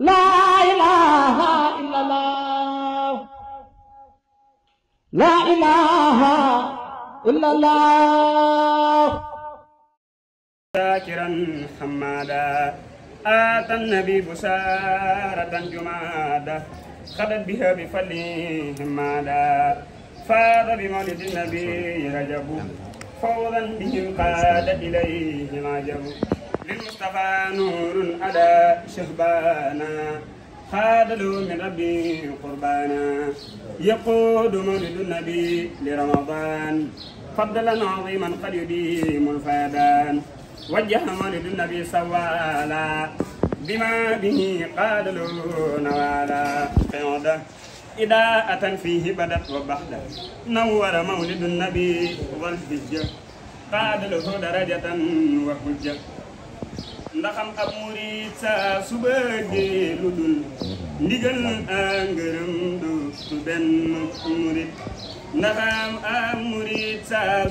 لا إله إلا الله لا إله إلا الله شاكرا حمادا آتى النبي بسارة جمادا خلت بها بفله حمادا فاض بمولد النبي رجب فوضا بهم قاد إليه العجب للمصطفى نور على شهبانا خادل من ربي قربانا يقود مولد النبي لرمضان فضلا عظيما قد يديم الفادان وجه مولد النبي سوالا بما به قادل نوالا قعده إذا أتى فيه بدت وبحدا نور مولد النبي والهجة قادله درجة وحجة ndaxam ab murit saa su bëggee lu dul ndigal ak ngërëm du du benn murit ndaxam ab murit saa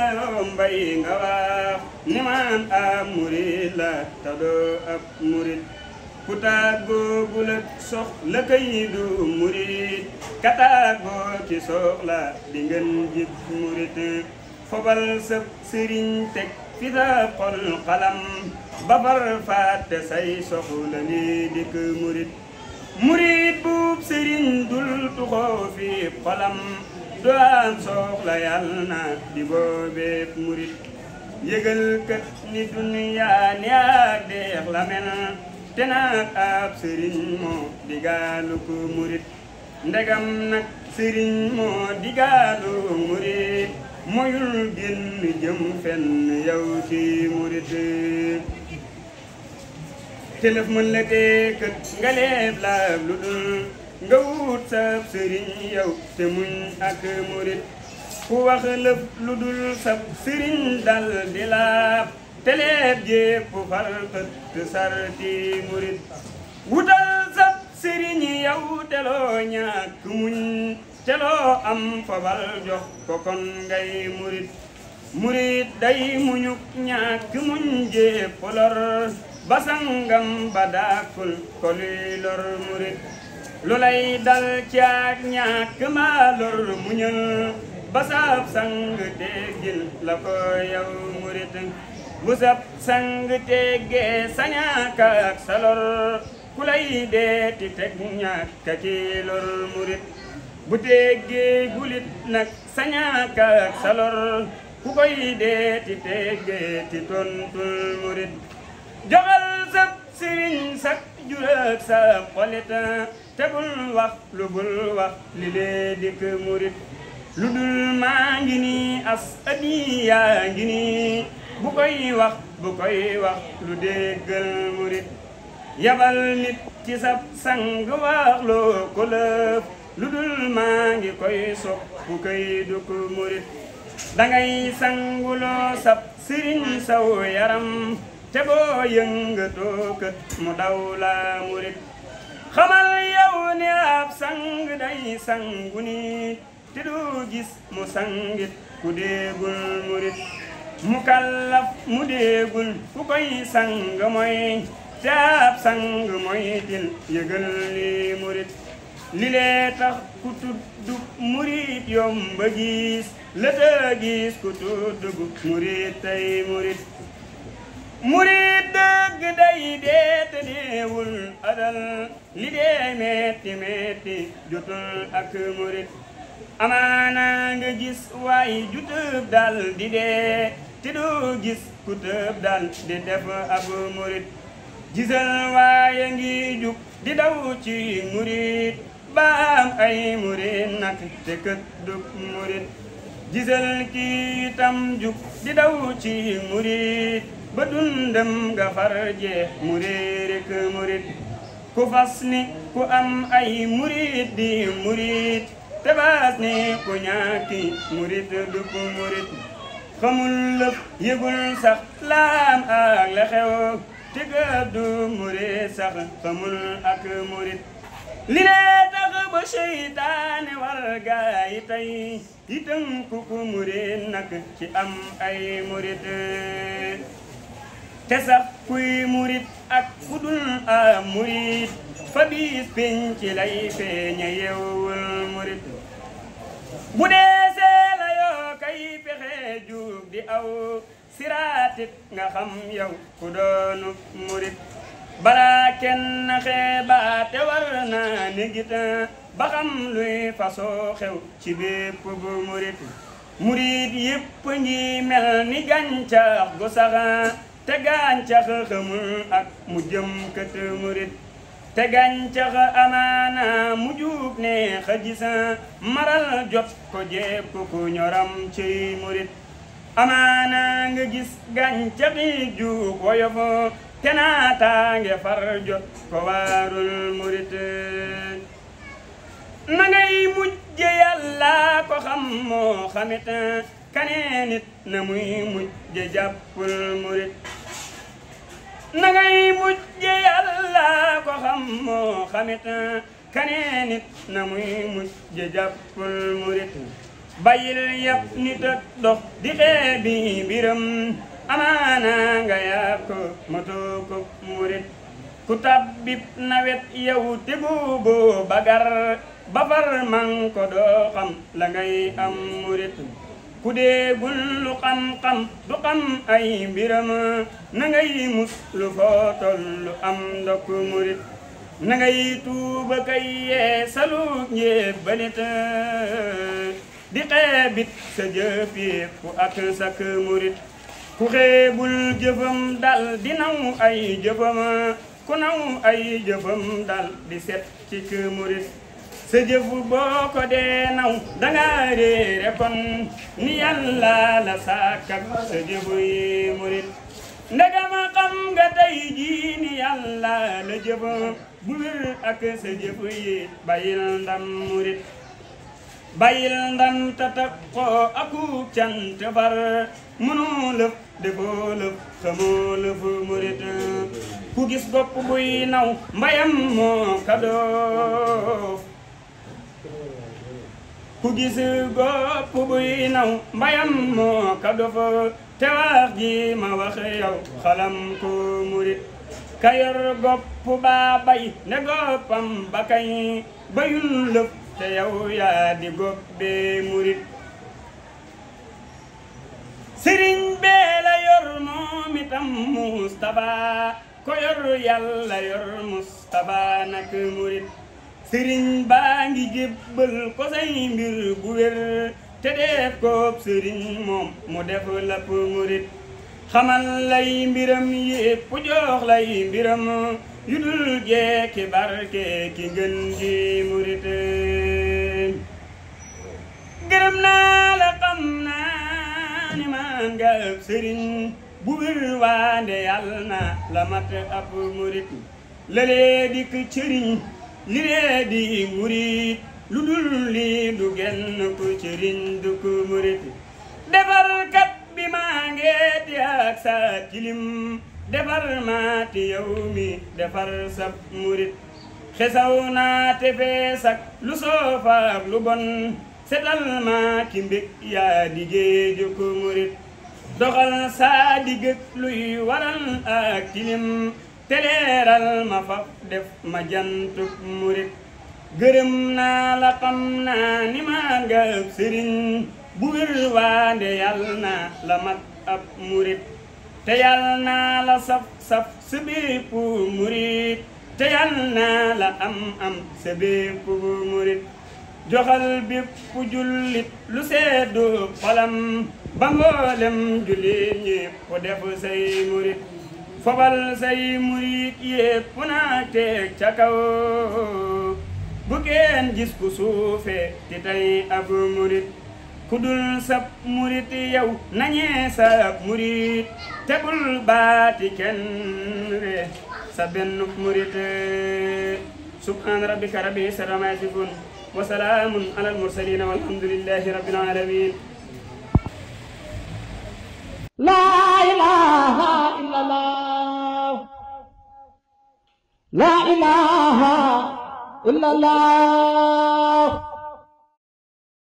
la mbay nga nga wax ni maam ab murit la te doo ab murit ku tàggoogu la sox la kay du murit ka tàggoo ci soxla di ngeen jib murit fobal sëb sëriñ teg fi sa xol xalam ba far fàtte say soxla ni dikk murit murit buub sëriñ dul tuxoo fi xolam du am soxla yàlla na di boobeeb murit yëgal kat ni duniyaa ni ak deex la te nag ab sëriñ moo digaalu ko murit ndegam nag sëriñ moo digaalu murit moyul génn jëm fenn yow ci murit telef la tee kat nga leeb laab lu dul nga wut sab sëriñ yow te muñ ak murit ku wax lëf lu dul sab sëriñ dal di laab teleeb jépp far fëtt sarti murit wutal sab sëriñ yow teloo ñàkk muñ teloo am fabal jox ko kon ngay murit murit day muñuk ñàkk muñ jépp lor basangam ba daakul ko luy lor murit lu lay dal ci ak ñàkk maa lor muñal ba saab sang teggil la ko yow murit bu sab sang teggee sañaaka ak salor ku lay deeti teg ñàkka ci lor murit bu teggee gulit nag sañaaka ak salor ku koy deeti teggee ti tontul murit joxal sab sëriñ sak jurak sa xolit te bul wax lu bul wax li lee murit lu dul maa ngi nii as adiyaa ngi nii bu koy wax bu koy wax lu déggal murit yabal nit ci sab sang wax loo ko lëf lu dul maa ngi koy sopp bu koy dugg murit dangay sanguloo sab sëriñ saw yaram te boo yëngatoo kët mu daw laa murit xamal yow ne ab sang day sangu nit te doo gis mu sangit ku déegul murit mu kallaf mu déegul ku koy sang mooy taab sang mooy til yëgal li murit li lee tax ku tuddu murit yomba gis la gis ku tuddu murit tey murit murit dëgg day dee te li dee metti metti jotul ak murit amaana nga gis waaye ju tëb dal di dee te doo gis ku tëb dal di def ab murit gisal waaye ngi jug di daw ci murit ba am ay murit nag te kët dug murit gisal kii tam jug di daw ci murit ba dundam nga jeex murit murit ku fas ni ku am ay murit di murit tabaas ne ko ñaaki murit du ko murit xamul lëf yëgul sax laam ak la xew te gàddu murit sax xamul ak murit li lee tax ba seytaane war gaa yi tey itam ku ku murit nag ci am ay murit te sax kuy murit ak ku dul a murit fa biis piñ ci lay feeña yeewul murit bu seela yoo kay pexe juug di aw siraatit nga xam yow ku murit balaa kenn xeebaate war naa ni ba xam luy fasoo xew murit murit yépp ngi mel ni gàncax gu te gàncax xamul ak mu jëm murit te gàncax amaana mujjub ne xajisan maral jot ko jéeb ko ku murit amaana nga gis gàncax yi juug woyof te jot ko waarul murit na ngay mujje yàlla ko xam moo xamit kanee na muy mujje jàppul murit na ngay mujje yàlla ko xam moo xamit kanee na muy mujje jàppul murit bayil yàpp nit ak di xeebi biram amaana nga ko matoo ko murit ku tabbib nawet yow te buuboo bagar ba man ko doo xam la am murit ku dee bul lu xan-xan du xam ay mbiram na ngay mus lu foo tollu am ndokk murit na ngay tuuba kay yee salu njee balit di xeebit sa jëf yépp ak sak murit ku xeebul jëfam dal di naw ay jëfam ku naw ay jëfam dal di set ci murit sa jëfu boo ko dee naw danga réere kon ni yàlla la sàkkak sa murit ndegama xam nga tey jii ni yàlla la jëfa bu wér ak bayil ndam murit bayil ndam tatak koo aku cant bar mënoo lëf defoo lëf xamoo lëf murit ku gis bopp buy naw mbayam moo kadoof ku gis gopp buy naw mbayam moo ka dofa te wax ma wax yow xalam ko murit ka yor gopp baa bay goppam ba kañ bayul te yow yaa di gobbe murit sëriñ bee yor moom itam Mustapha ko yor yàlla yor Mustapha nag murit sëriñ baa ngi jébbal ko say mbir bu wér te def koob sëriñ moom mu def lapp murit xamal lay mbiram yépp ku lay mbiram yu dul geeki barke ki ngën ji murit gërëm naa la xam naa ni maa nga sëriñ bu wér waande yàlla na la mat ab murit lëlee dikk cëriñ ni lee lu dul lii du genn ku cëriñ du ku maa ngeeti ak sa defar maati yow mi defar sab murit xesaw naa feesak lu soofaak lu bon setal maa ki mbég yaa di géeju doxal saa luy waral ak tilim teleral ma fa def ma jantub murid geureum na la xam naa ni ma nga serign bu wir waande yalna la mat ab murid te yalna la saf saf sibi pu murid te yalna la am am sibi pu murid joxal pu julit lu seddu xolam ba julit ñi ko def say murid fobal say murit yépp naa teeg ca kaw bu ku suufe ti ab murit ku dul sab murit yow nañee sab murit te bul baati kenn re sa benn subhaan rabbika rabbi salaam yasifun wa salaamun alal mursalin walhamdulillahi rabbil alamin la ilaha illallah la ilaha illallah